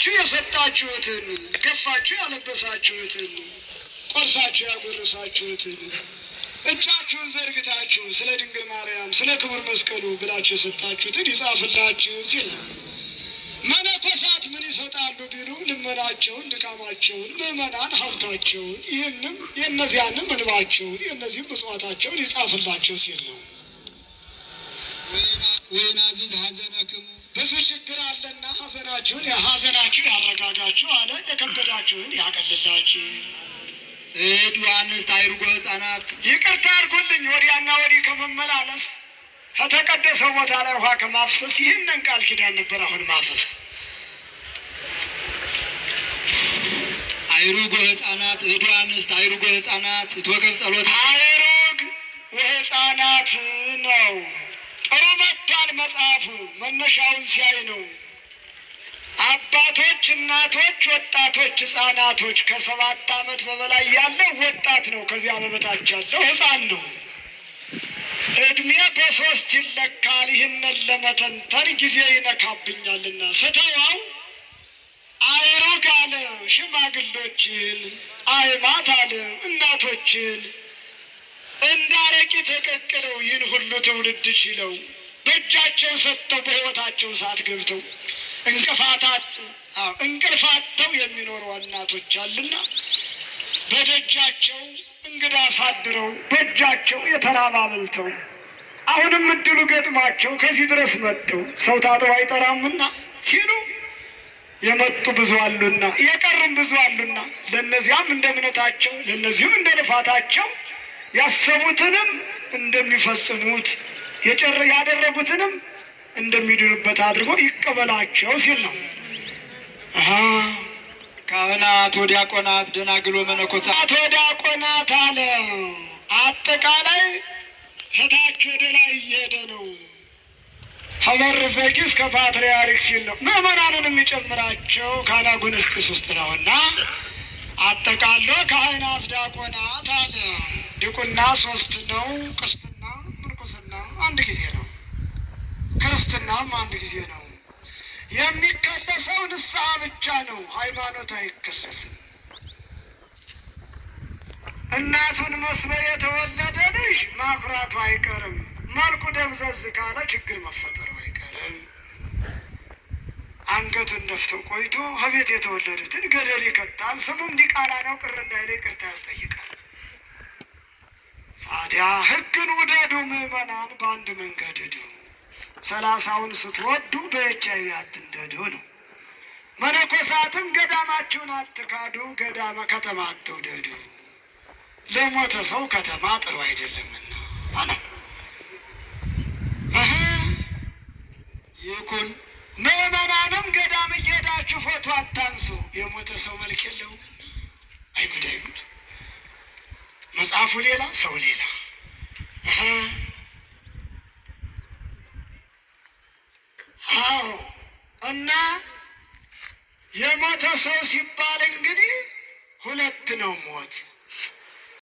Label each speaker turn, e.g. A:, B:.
A: ሰጣችሁ የሰጣችሁትን ገፋችሁ ያለበሳችሁትን ቆርሳችሁ ያጎረሳችሁትን እጃችሁን ዘርግታችሁ ስለ ድንግል ማርያም ስለ ክቡር መስቀሉ ብላችሁ የሰጣችሁትን ይጻፍላችሁ ሲል መነኮሳት ምን ይሰጣሉ ቢሉ ልመናቸውን፣ ድካማቸውን፣ ምዕመናን ሀብታቸውን፣ ይህንም የእነዚያንም እንባቸውን የእነዚህም ምጽዋታቸውን ይጻፍላቸው ሲል ነው
B: ወይናዚዝ ሀዘነክሙ
A: ብዙ ችግር አለና ሐዘናችሁን ሐዘናችሁ ያረጋጋችሁ አለ የከበዳችሁን ያቀልላችሁ።
B: እድ ዮሐንስ ታይርጎ ሕፃናት
A: ይቅርታ አድርጉልኝ። ወዲያና ወዲህ ከመመላለስ ከተቀደሰው ቦታ ላይ ውሃ ከማፍሰስ ይህንን ቃል ኪዳን ነበር አሁን ማፍሰስ
B: አይሩጎ ህፃናት እድ ዮሐንስ አይሩጎ ህፃናት እትወከብ ጸሎት
A: አይሩግ ህፃናት ነው ጥሩ ይላል መጽሐፉ። መነሻውን ሲያይ ነው። አባቶች፣ እናቶች፣ ወጣቶች፣ ህጻናቶች ከሰባት ዓመት በበላይ ያለው ወጣት ነው። ከዚያ በበታች ያለው ህፃን ነው። እድሜ በሶስት ይለካል። ይህንን ለመተንተን ጊዜ ይነካብኛልና ስተዋው አይሩግ አለ ሽማግሎችን፣ አይማት አለ እናቶችን እንዳረቂ ተቀቅለው ይህን ሁሉ ትውልድ ችለው በእጃቸው ሰጥተው በሕይወታቸው ሰዓት ገብተው እንቅፋታት እንቅልፋተው የሚኖሩ እናቶች አሉና በደጃቸው እንግዳ አሳድረው በእጃቸው የተራባ በልተው አሁንም እድሉ ገጥማቸው ከዚህ ድረስ መጥተው ሰው ታጥሮ አይጠራምና ሲሉ የመጡ ብዙ አሉና የቀሩም ብዙ አሉና ለእነዚያም እንደ እምነታቸው ለእነዚህም እንደ ልፋታቸው ያሰቡትንም እንደሚፈጽሙት ያደረጉትንም እንደሚድኑበት አድርጎ ይቀበላቸው ሲል ነው። ካህናት ወዲያቆናት፣ ደናግሎ መነኮሳት ወዲያቆናት አለ። አጠቃላይ እታች ወደ ላይ እየሄደ ነው። ሀበር እስከ ከፓትርያርክ ሲል ነው። ምዕመናንን የሚጨምራቸው ካናጉንስጢስ ውስጥ ነው እና አጠቃሎ ካህናት ዲያቆናት አለ። ድቁና ሶስት ነው። ቅስ አንድ ጊዜ ነው። ክርስትናም አንድ ጊዜ ነው። የሚከለሰው ንስሐ ብቻ ነው። ሃይማኖት አይከለስም። እናቱን መስሎ የተወለደ ልጅ ማኩራቱ አይቀርም። መልኩ ደብዘዝ ካለ ችግር መፈጠሩ አይቀርም። አንገቱን ደፍቶ ቆይቶ ከቤት የተወለዱትን ገደል ይከታል ስሙም ዲቃላ ነው። ቅር እንዳይለ ይቅርታ ያስጠይቃል። ታዲያ ሕግን ውደዱ ምዕመናን በአንድ መንገድ ሂዱ፣ ሰላሳውን ስትወዱ በኤችአይቪ አትንደዱ ነው። መነኮሳትም ገዳማችሁን አትካዱ፣ ገዳመ ከተማ አትውደዱ፣ ለሞተ ሰው ከተማ ጥሩ አይደለምና አለ። ይኩን ምዕመናንም ገዳም እየሄዳችሁ ፎቶ አታንሱ፣ የሞተ ሰው መልክ የለውም። አፉ ሌላ ሰው ሌላ። አዎ እና የሞተ ሰው ሲባል እንግዲህ ሁለት ነው ሞት